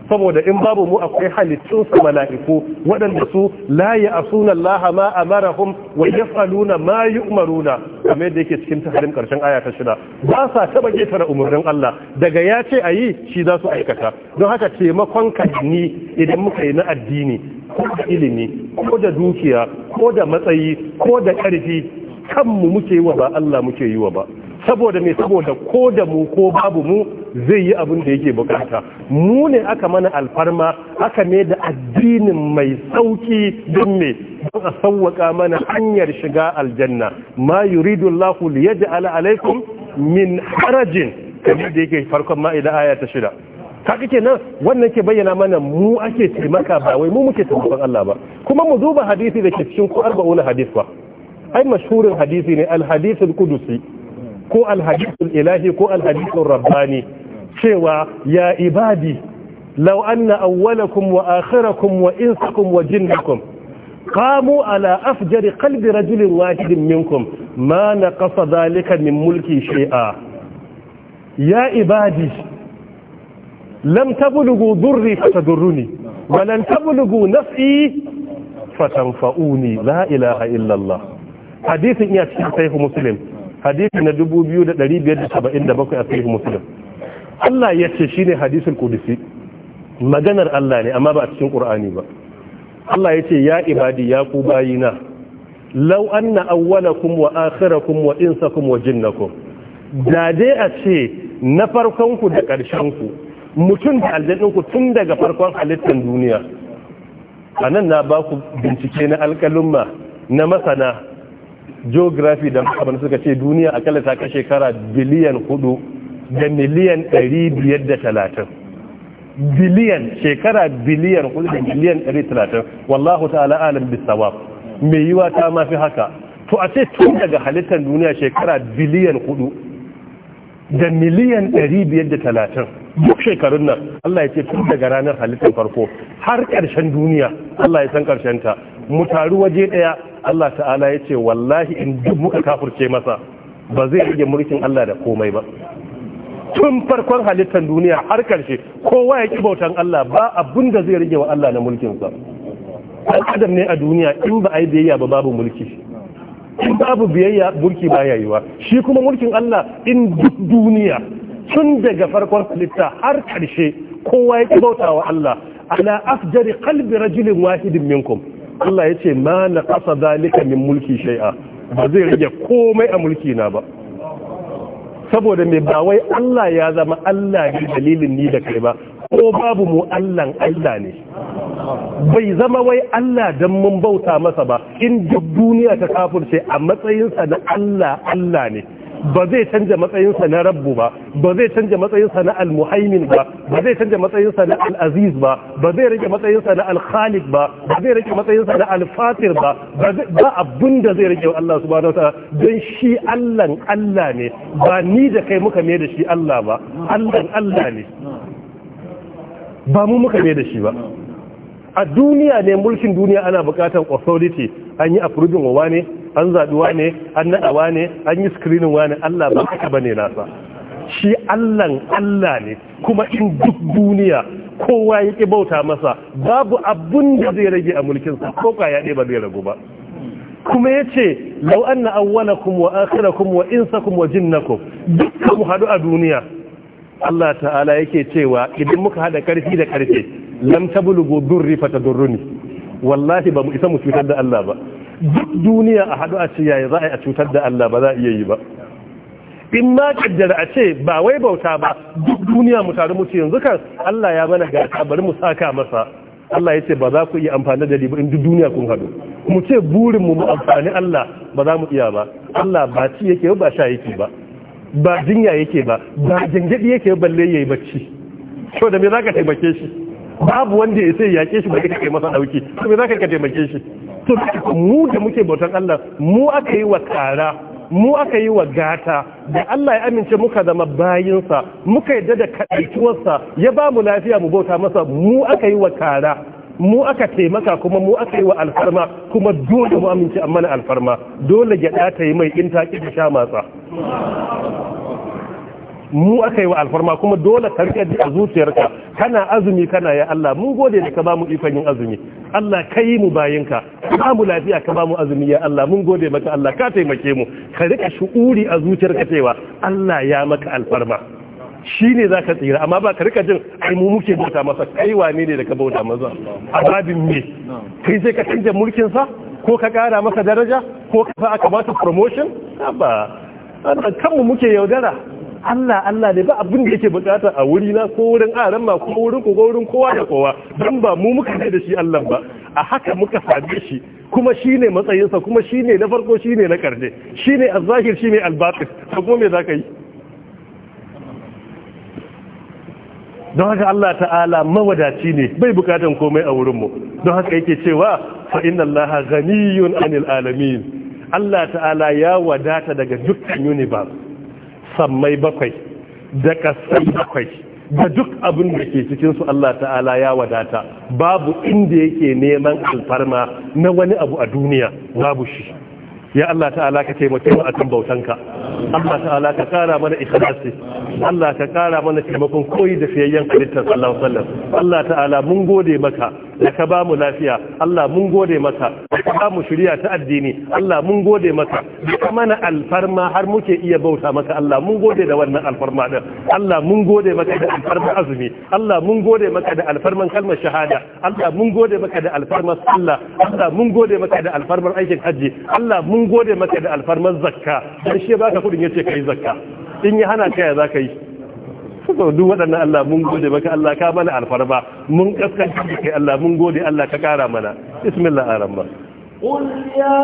saboda in babu mu akwai halittun su mala'iku waɗanda su la ya asuna Allah ma amarahum wa yaf'aluna ma yu'maruna kamar yadda yake cikin tahrim karshen aya ta shida ba sa taba getara umurnin Allah daga ya ce ayi shi za su aikata don haka taimakon ni idan muka yi na addini ko da ilimi ko da dukiya ko da matsayi ko da ƙarfi kanmu muke yi wa ba Allah muke yi wa ba saboda me saboda ko da mu ko babu mu zai yi abin da yake bukata mu ne aka mana alfarma aka ne da addinin mai sauki don me don a sauwaka mana hanyar shiga aljanna ma yuridu Allahu li yaj'ala alaikum min harajin kamar da yake farkon idan aya ta shida kaga kenan wannan ke bayyana mana mu ake taimaka ba wai mu muke taimakon Allah ba kuma mu duba hadisi da ke cikin ku arba'una hadis ba ai mashhurin hadisi ne al-hadithul qudusi ko alhadisul ilahi ko alhadisul rabbani cewa ya ibadi law anna awwalakum wa akhirakum wa insakum wa jinnakum qamu ala afjari qalbi rajulin wahidin minkum ma naqasa dhalika min mulki shay'a ya ibadi lam tablughu dhurri fatadurruni wa lan tablughu naf'i fatanfa'uni la ilaha illa allah hadithin iya cikin sahih muslim hadisi na 2577 a sahih muslim Allah ya ce shine hadisul qudsi maganar Allah ne amma ba a cikin qur'ani ba Allah ya ce ya ibadi ya ku bayina law anna awwalakum wa akhirakum wa insakum wa jinnakum da dai a ce na farkon ku da karshen ku mutum da aljannin ku tun daga farkon halittar duniya anan na ba ku bincike na alƙalumma na masana geography da abin suka ce duniya akalla ta kai shekara biliyan hudu da miliyan ɗari biyar da talatin biliyan shekara biliyan hudu da miliyan ɗari talatin wallahu ta'ala alam sawab mai yiwa ta ma fi haka to a ce tun daga halittar duniya shekara biliyan hudu da miliyan ɗari biyar da talatin duk shekarun nan Allah ya ce tun daga ranar halittar farko har ƙarshen duniya Allah ya san ta mu taru waje ɗaya Allah ta'ala ya ce wallahi in duk muka kafurce masa ba zai rage mulkin Allah da komai ba tun farkon halittar duniya har karshe kowa ya ki bautan Allah ba abin da zai rage wa Allah na mulkinsa ɗan adam ne a duniya in ba a yi biyayya ba babu mulki in babu biyayya mulki ba ya yiwa shi kuma mulkin Allah in duk duniya tun daga farkon halitta har karshe kowa ya ki bauta wa Allah ala afjari qalbi rajulin wahidin minkum Allah ya ce ma na ƙasa zalika min mulki shai'a ba zai rage komai a mulki na ba saboda mai ba wai Allah ya zama Allah ne dalilin ni da kai ba ko babu mu Allahn Allah ne bai zama wai Allah don mun bauta masa ba in duk duniya ta kafurce a matsayinsa na Allah Allah ne ba zai canja matsayinsa na rabbu ba ba zai canja matsayinsa na almuhaimin ba ba zai canja matsayinsa na al'aziz ba ba zai rage matsayinsa na alkhalik ba ba zai rage matsayinsa na alfatir ba ba abin da zai rage Allah subhanahu wa ta'ala don shi Allah Allah ne ba ni da kai muka mai da shi Allah ba Allah Allah ne ba mu muka mai da shi ba a duniya ne mulkin duniya ana bukatar authority an yi approving wa ne an zaɓi wane, an naɗa wane, an yi screening wane, Allah ba haka bane nasa shi Allahn Allah ne kuma in duk duniya kowa ya ƙi bauta masa babu abun da zai rage a mulkinsa ko ya ɗaya ba zai ragu ba kuma ya ce lau an na awwalakum wa akhirakum wa insakum wa jinnakum dukkan mu haɗu a duniya Allah ta'ala yake cewa idan muka haɗa ƙarfi da ƙarfe lam tablugu durri fatadurruni wallahi ba mu isa mu cutar da Allah ba duk duniya a hadu a ce yayi za a yi a cutar da Allah ba za a iya yi ba in ma kaddara a ce ba wai bauta ba duk duniya mu taru mu ce yanzu kan Allah ya mana gata bari mu saka masa Allah ya ce ba za ku iya amfani da riba in duk duniya kun hadu mu ce burin mu mu amfani Allah ba za mu iya ba Allah ba ci yake ba sha yake ba ba jinya yake ba ba jangadi yake balle yayi bacci to da me zaka taimake shi babu wanda ya sai yake shi ba kai masa dauki to me zaka ka taimake shi to mu da muke bautan Allah mu aka yi wa tsara mu aka yi wa gata da Allah ya amince muka zama bayinsa muka yadda da kaɗaituwarsa ya ba mu lafiya mu bauta masa mu aka yi wa kara mu aka taimaka kuma mu aka yi wa alfarma kuma dole mu amince an mana alfarma dole gyaɗa ta yi mai in ta ƙi ta sha matsa mu aka yi wa alfarma kuma dole ka rike a zuciyarka kana azumi kana ya Allah mun gode da ka ba mu ikon yin azumi Allah ka yi mu bayinka ka mu lafiya ka ba mu azumi ya Allah mun gode maka Allah ka taimake mu ka rika shu'uri a zuciyarka cewa Allah ya maka alfarma shi ne za ka tsira amma ba ka rika jin ai mu muke bauta masa kai wane ne da ka bauta masa a babin me kai sai ka canja mulkinsa ko ka kara masa daraja ko ka fa aka ba promotion ba kanmu muke yaudara Allah Allah ne ba abin da yake bukata a wuri na ko wurin aran ma ko wurin ko wurin kowa da kowa dan ba mu muka da shi Allah ba a haka muka same shi kuma shine matsayinsa kuma shine na farko shine na karshe shine az shine al to kuma me zaka yi don haka Allah ta'ala mawadaci ne bai bukatan komai a wurin mu don haka yake cewa fa inna Allah ghaniyun anil alamin Allah ta'ala ya wadata daga dukkan universe sammai bakwai da ƙasai bakwai da duk abin da ke cikinsu Allah ta'ala ya wadata babu inda yake neman alfarma na wani abu a duniya babu shi ya Allah ta'ala ka taimake mu akan bautanka Allah ta'ala ka kara mana ikhlasi Allah ka kara mana taimakon koyi da fiyayyen halittar sallallahu alaihi wasallam Allah ta'ala mun gode maka da ka ba mu lafiya Allah mun gode maka da ka ba mu shiriya ta addini Allah mun gode maka da ka mana alfarma har muke iya bauta maka Allah mun gode da wannan alfarma din Allah mun gode maka da alfarman azumi Allah mun gode maka da alfarman kalmar shahada Allah mun gode maka da alfarman sallah Allah mun gode maka da alfarman aikin hajji Allah mun gode maka da alfarman zakka dan shi baka kudin yace kai zakka in ya hana kai ya zaka yi to duk waɗannan Allah mun gode maka Allah ka mana alfarma mun kaskanta kai Allah mun gode Allah ka kara mana bismillah arhamma قل يا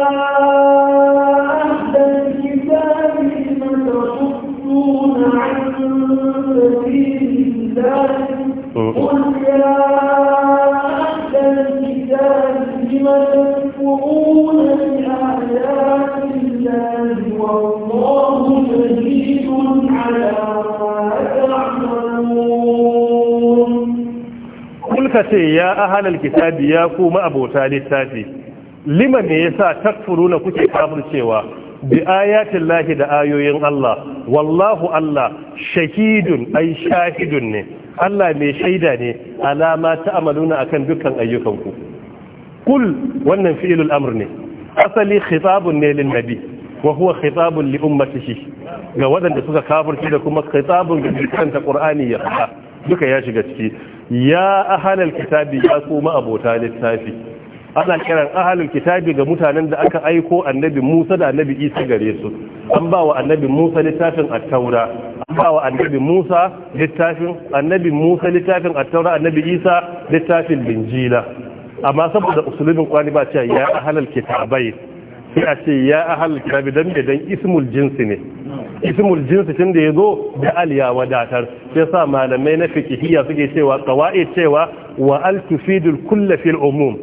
أهل الكتاب لم تصدون عن سبيل الله قل يا أهل الكتاب لم تكفرون بآيات الله والله شهيد على suka ce ya ahalal kitabi ya kuma abota littafi lima me yasa takfuruna kuke kafircewa bi ayatin lahi da ayoyin Allah wallahu Allah shahidun ai shahidun ne Allah mai shaida ne alama ta amaluna akan dukkan ayyukanku kul wannan fi'ilul amr ne asali khitabun ne lin nabi wa huwa khitabun li ummatihi ga waɗanda suka kafirci da kuma khitabun ga dukkan ta qur'ani ya duka ya shiga ciki ya ahalal kitabi ya su abota littafi ana kiran ahalul kitabi ga mutanen da aka aiko annabi Musa da annabi Isa gare su an ba wa annabi Musa littafin at-Taura an ba wa annabi Musa littafin annabi Musa littafin at-Taura annabi Isa littafin Injila amma saboda usulubin kwani ba cewa ya ahalul kitabai sai a ce ya ahalul kitabi dan dan ismul jinsi ne ismul jinsi tun da ya zo da aliya wadatar ya sa malamai na fikihiyya suke cewa kawai cewa wa al tufidul kulla fil umum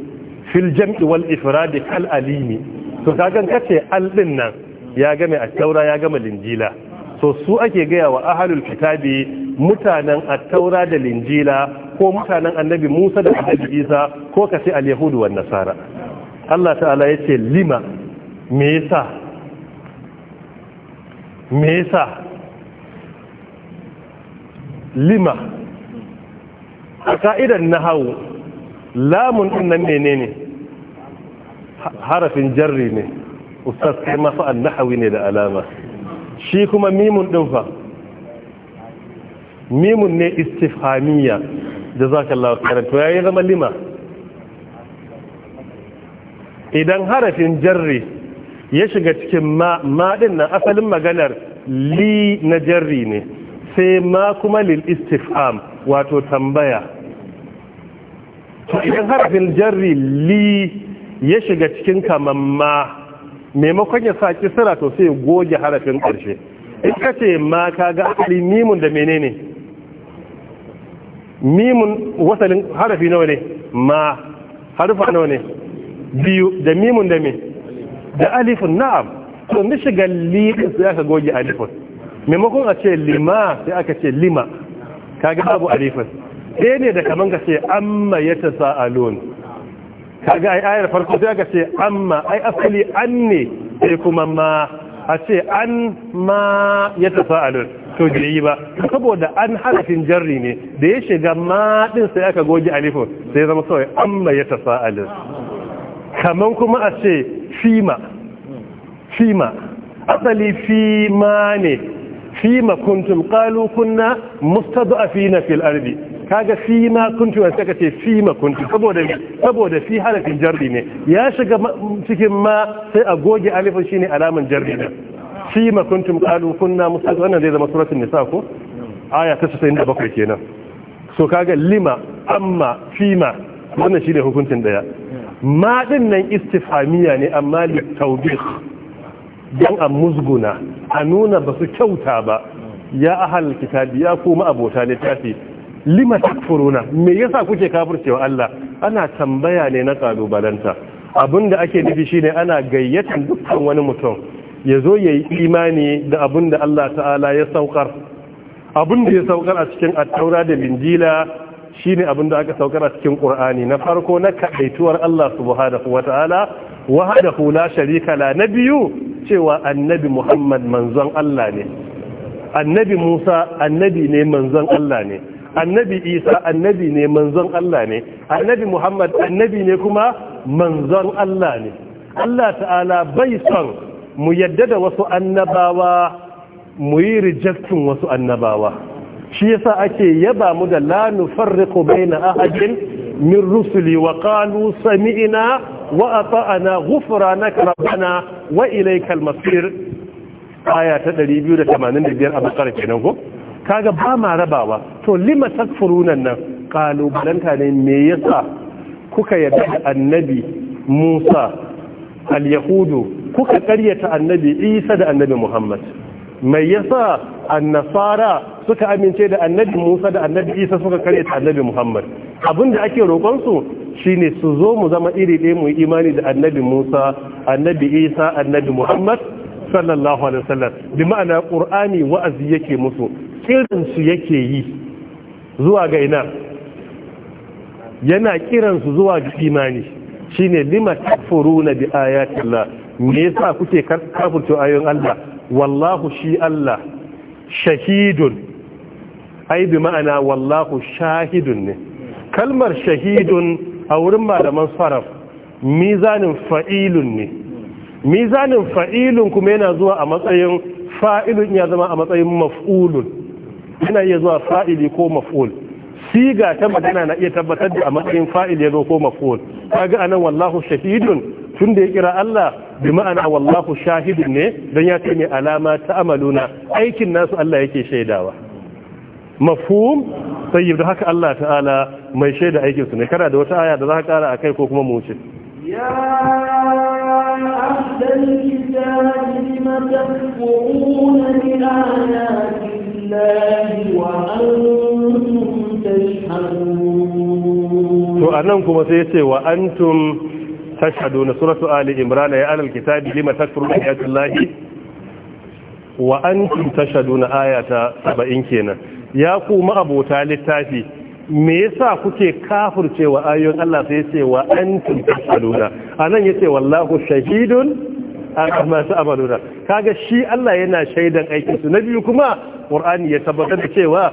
fil jam'i wal ifrad kal alimi to kagan kace al din nan ya game a taura ya gama linjila so su ake gaya wa ahalul kitabi mutanen attaura da linjila ko mutanen annabi musa da annabi isa ko kashe al-yahudu wan nasara Allah ta'ala ya ce lima me yasa me yasa lima a ka'idar hau lamun din nan ne ne harafin jarri ne ustaz kai masu annahawi ne da alama shi kuma mimun din fa mimun ne za jazakallahu khairan to yayin zama lima idan harafin jarri ya shiga cikin ma ma din nan asalin maganar li na jarri ne sai ma kuma lil istifam wato tambaya to idan harafin jarri li ya shiga cikin kaman ma maimakon ya sa kisra to sai goge harafin ƙarshe in ka ce ma ka ga asali mimun da menene mimun wasalin harafi nawa ne ma harfa nawa ne biyu da mimun da me da alifin na'am to ni shiga liƙin sai aka goge alifin maimakon a ce lima sai aka ce lima kaga babu alifin ɗaya ne da kaman ka ce amma ya ta ka kaga ai ayar farko sai aka ce amma ai asali an ne sai kuma ma a ce an ma ya ta alon to da yi ba saboda an harafin jarri ne da ya shiga ma ɗin sai aka goge alifin sai zama kawai amma ya ta alon kaman kuma a ce fima fima asali fima ne fima kuntum qalu kunna mustad'afina fil ardi kaga fima kuntum sai ka ce fima kuntum saboda saboda fi harafin jarri ne ya shiga cikin ma sai a goge alifin shine alaman jarri ne fima kuntum qalu kunna mustad'afina zai zama suratul nisa ko aya ta 97 kenan so kaga lima amma fima wannan shine hukuncin daya ma nan istifamiya ne amma littaubih don a musguna a nuna ba su kyauta ba ya ahal kitabi ya kuma abota ne littafi lima takfuruna me yasa kuke kafircewa Allah ana tambaya ne na kalubalanta abinda ake nufi shine ana gayyatar dukkan wani mutum ya zo ya yi imani da abinda Allah ta'ala ya saukar abinda ya saukar a cikin attaura da injila shine abin da aka saukar a cikin Ƙur'ani na farko na kadaituwar Allah subhanahu wataala wahdahu la sharika la biyu cewa annabi Muhammad manzon Allah ne annabi Musa annabi ne manzon Allah ne annabi Isa annabi ne manzon Allah ne annabi Muhammad annabi ne kuma manzon Allah ne Allah ta'ala bai son mu yadda da wasu annabawa mu yi rejectin wasu annabawa shi yasa ake yaba mu da la nufarriqu baina ahadin min rusuli wa qalu sami'na wa ata'na ghufranaka rabbana wa ilaykal masir aya ta 285 a bakar kenan ko kaga ba ma rabawa to lima takfuruna nan qalu balanta ne me yasa kuka yadda annabi Musa al-yahudu kuka ƙaryata annabi Isa da annabi Muhammad mai yasa annasara suka amince da annabi Musa da annabi Isa suka kare ta annabi Muhammad abinda ake roƙon su shine su zo mu zama iri ɗaya mu imani da annabi Musa annabi Isa annabi Muhammad sallallahu alaihi wasallam bi ma'ana qur'ani wa'azi yake musu kiran su yake yi zuwa ga ina yana kiran su zuwa ga imani shine lima takfuruna bi ayati Allah me yasa kuke kafirce ayoyin Allah wallahu shi Allah shahidun ai bi ma'ana wallahu shahidun ne kalmar shahidun a wurin malaman sarraf mizanin fa'ilun ne mizanin fa'ilun kuma yana zuwa a matsayin fa'ilun ya zama a matsayin maf'ulun yana iya zuwa fa'ili ko maf'ul siga ta magana na iya tabbatar da a matsayin fa'il ya zo ko maf'ul kaga anan wallahu shahidun tun da ya kira Allah bi ma'ana wallahu shahidun ne don ya ce ne alama ta amaluna aikin nasu Allah yake shaidawa mafhum sai da haka Allah ta'ala mai shaida aikin su ne kana da wata aya da za ka kara akai ko kuma mu wuce ya ahlal kitabi lima bi ayati wa antum tashhadun to anan kuma sai ya ce wa antum تشهدون سورة آل ya يا أهل الكتاب لما تكفرون آيات Wa وأنتم تشهدون آية سبعين كينا يا قوم أبو abota littafi. me yasa kuke kafircewa ayoyin Allah sai yace wa antum tasaluna anan yace wallahu shahidun amma su amaluna kaga shi Allah yana shaidan aikin su na biyu kuma Qur'ani ya tabbatar da cewa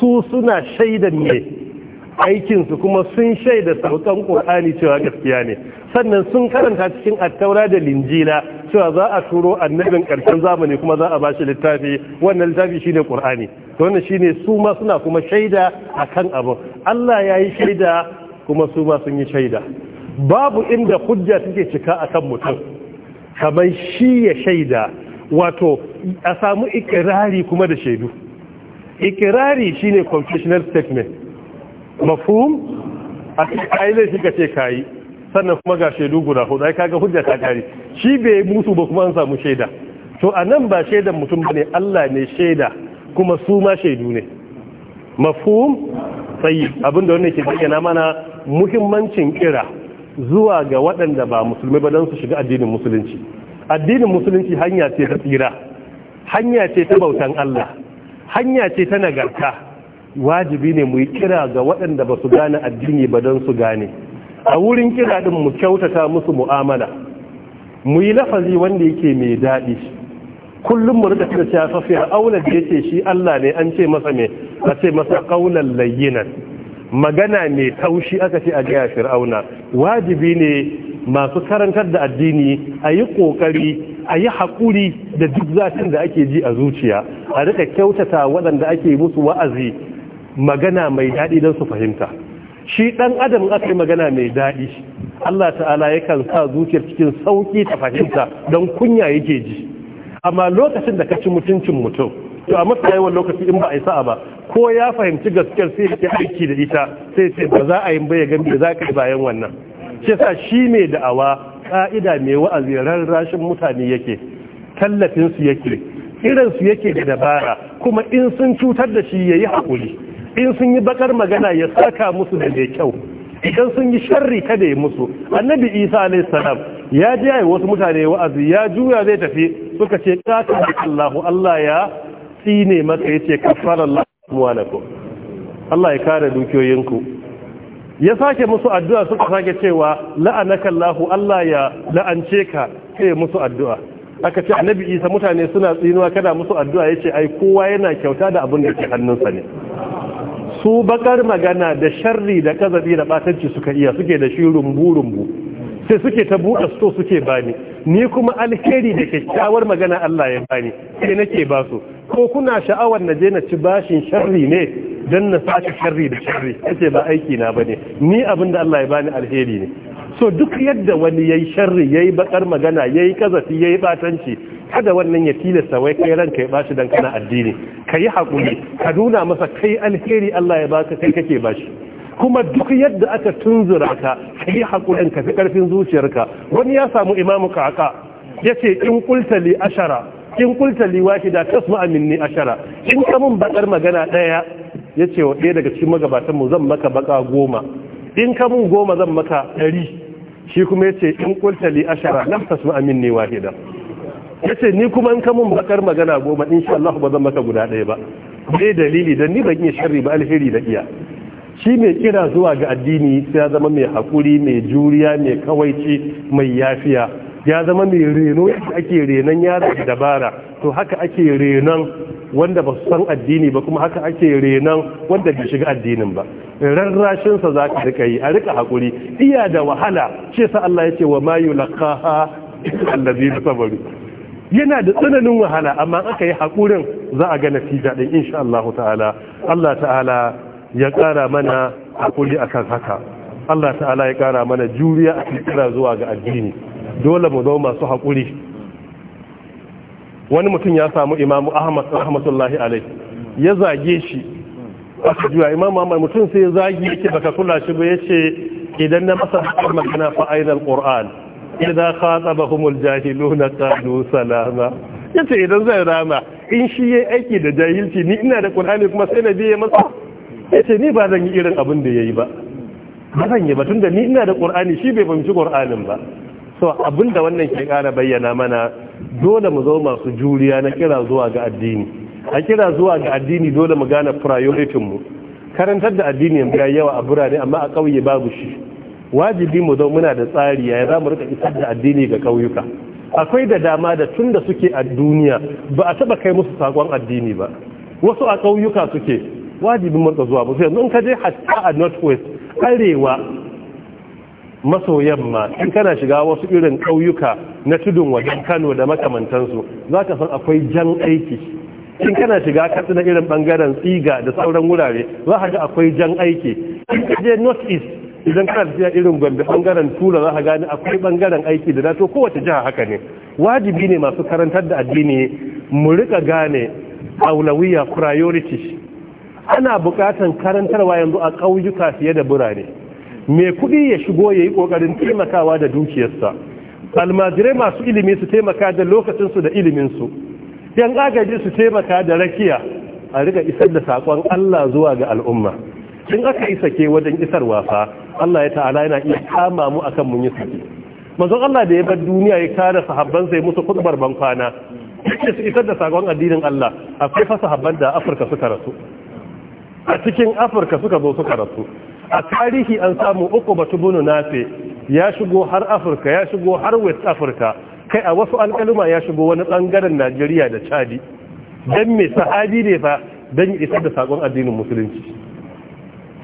su suna shaidan ne aikin su kuma sun shaida saukan Qur'ani cewa gaskiya ne sannan sun karanta cikin attaura da linjila cewa za a turo annabin karshen zamani kuma za a ba shi littafi wannan littafi shine qur'ani to wannan shine su ma suna kuma shaida akan abu Allah ya yi shaida kuma su ma sun yi shaida babu inda hujja take cika akan mutum kamar shi ya shaida wato a samu ikirari kuma da shaidu ikirari shine confessional statement mafhum a cikin ayyukan shi ka ce kayi sannan kuma ga shaidu guda hudu ai kaga hujja ta kare shi bai musu ba kuma an samu shaida to a nan ba shaidan mutum bane Allah ne shaida kuma su ma shaidu ne mafhum sai abin abinda wannan ke bayyana mana muhimmancin kira zuwa ga waɗanda ba musulmi ba don su shiga addinin musulunci addinin musulunci hanya ce ta tsira hanya ce ta bautan Allah hanya ce ta nagarta wajibi ne mu yi kira ga waɗanda ba su gane addini ba don su gane a wurin kira din mu kyautata musu mu'amala mu yi lafazi wanda yake mai daɗi kullum mu rika cewa cewa aula da yace shi Allah ne an ce masa me a ce masa qaulan layyinan magana mai taushi aka ce a ga fir'auna wajibi ne masu karantar da addini a yi ƙoƙari a yi haƙuri da duk zafin da ake ji a zuciya a rika kyautata waɗanda ake musu wa'azi magana mai daɗi don su fahimta shi ɗan adam aka yi magana mai daɗi Allah ta'ala Ya kan sa zuciyar cikin sauƙi ta fahimta don kunya yake ji amma lokacin da ka ci mutuncin mutum to a mafi yawan lokaci in ba a yi sa'a ba ko ya fahimci gaskiyar sai yake aiki da ita sai sai ba za a yi ba ya gami da za ka yi bayan wannan shi sa shi mai da'awa ka'ida mai wa'azi rarrashin mutane yake tallafin su yake irin su yake da dabara kuma in sun cutar da shi ya yi haƙuri. in sun yi bakar magana ya saka musu da mai kyau idan sun yi sharri kada ya musu annabi isa alayhi salam ya ji yayi wasu mutane wa'azi ya juya zai tafi suka ce da Allahu Allah ya tsine maka ce kafara Allah ku. Allah ya kare dukiyoyinku ya sake musu addu'a suka sake cewa la'anaka Allah Allah ya la'ance ka sai musu addu'a aka ce annabi isa mutane suna tsinuwa kada musu addu'a ya ce ai kowa yana kyauta da abin da ke hannunsa ne su bakar magana da sharri da kazabi da batanci suka iya suke da shi rumbu rumbu sai suke ta buɗe to suke bani ni kuma alheri da kyakkyawar magana Allah ya bani sai nake ba su ko kuna sha'awar na je na ci bashin sharri ne dan na sace sharri da sharri kace ba aiki na ba ne. ni abin da Allah ya bani alheri ne so duk yadda wani yayi sharri yayi bakar magana yayi kazafi yayi batanci kada wannan ya tilasta wai kai ranka ya bashi dan kana addini kai hakuri ka nuna masa kai alheri Allah ya baka kai kake bashi kuma duk yadda aka tunzura ka kai hakurin ka fi karfin zuciyarka wani ya samu imamu kaka yace in kulta li ashara in kulta li wahida tasma'a minni ashara in ka mun bakar magana daya yace wa ɗaya daga cikin magabatan mu zan maka baka goma in ka mun goma zan maka ɗari shi kuma yace in kulta li ashara lam tasma'a minni wahida Ya ce ni kuma in ka mun bakar magana goma insha Allah ba zan maka guda ɗaya ba dai dalili dan ni ban iya sharri ba alheri da iya shi mai kira zuwa ga addini ya zama mai hakuri mai juriya mai kawaici mai yafiya ya zama mai reno yadda ake renon yara da dabara to haka ake renon wanda ba su san addini ba kuma haka ake renon wanda bai shiga addinin ba rarrashinsa za ka rika yi a rika hakuri iya da wahala ce sa Allah ya ce wa mayu laqaha allazi sabaru yana da tsananin wahala amma aka yi haƙurin za a ga natija daɗin insha Allah ta'ala Allah ta'ala ya ƙara mana haƙuri akan haka Allah ta'ala ya ƙara mana juriya a kira zuwa ga addini dole mu zama masu haƙuri wani mutum ya samu imamu ahmad rahmatullahi alaihi ya zage shi a juya imamu ahmad mutum sai ya zage yake baka kula shi ba yace idan na masa magana fa ainal qur'an idza khatabahumul jahiluna qalu salama yace idan zai rama in shi yayi aiki da jahilci ni ina da qur'ani kuma sai na biye masa yace ni ba zan yi irin abin da yayi ba ba zan yi ba tunda ni ina da qur'ani shi bai fahimci qur'anin ba so abinda wannan ke kara bayyana mana dole mu zo masu juriya na kira zuwa ga addini a kira zuwa ga addini dole mu gane priority mu karantar da addini ya yawa a birane amma a ƙauye babu shi wajibi mu zo muna da tsari yaya za mu rika isar da addini ga ƙauyuka akwai da dama da tun da suke a duniya ba a taba kai musu sakon addini ba wasu a ƙauyuka suke wajibin murka zuwa musu yanzu in ka je hatta a northwest arewa maso yamma in kana shiga wasu irin ƙauyuka na tudun wajen kano da makamantansu za ka san akwai jan aiki in kana shiga katsina irin bangaren tsiga da sauran wurare za ka ga akwai jan aiki in ka je north east idan kana tafiya irin gombe bangaren tura za ka gani akwai bangaren aiki da dato kowace jiha haka ne wajibi ne masu karantar da addini mu rika gane aulawiya priority ana bukatan karantarwa yanzu a ƙauyuka fiye da birane mai kuɗi ya shigo ya yi ƙoƙarin taimakawa da dukiyarsa almajirai masu ilimi su taimaka da lokacinsu da iliminsu yan agaji su taimaka da rakiya a riga isar da saƙon allah zuwa ga al'umma in aka isa ke wajen isar wasa Allah ya ta'ala yana iya kama mu akan mun yi saki manzon Allah da ya bar duniya ya kare sahabban sai musu kudbar ban kwana yake su isar da sagon addinin Allah akwai fa sahabban da Afirka suka rasu a cikin Afirka suka zo suka rasu a tarihi an samu uku bunu nafe ya shigo har Afirka ya shigo har West Africa kai a wasu alƙaluma ya shigo wani bangaren Najeriya da Chadi dan me sahabi ne fa dan isar da sagon addinin musulunci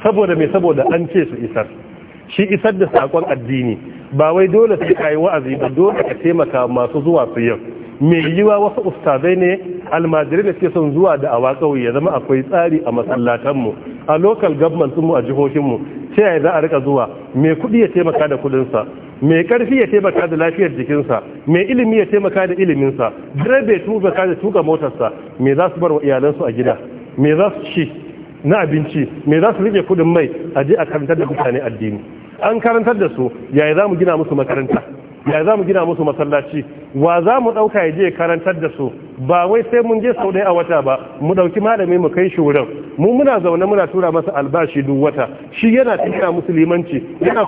saboda mai saboda an ce su isar shi isar da sakon addini ba wai dole su kai wa'azi ba dole ka taimaka masu zuwa su yau mai yiwa wasu ustazai ne almajirai da suke son zuwa da awa kauye ya zama akwai tsari a masallatanmu a lokal government mu a jihohinmu sai ya za a rika zuwa mai kuɗi ya taimaka da kuɗinsa mai ƙarfi ya taimaka da lafiyar jikinsa mai ilimi ya taimaka da iliminsa direba ya tuka da tuka motarsa me za su bar wa iyalansu a gida me za su ci na abinci me za su rike kudin mai a je a karantar da mutane addini an karantar da su yaya za mu gina musu makaranta yaya za mu gina musu masallaci wa za mu ɗauka ya je karantar da su ba wai sai mun je sau ɗaya a wata ba mu ɗauki malami mu kai shi wurin mu muna zaune muna tura masa albashi duk wata shi yana tafiya musulmanci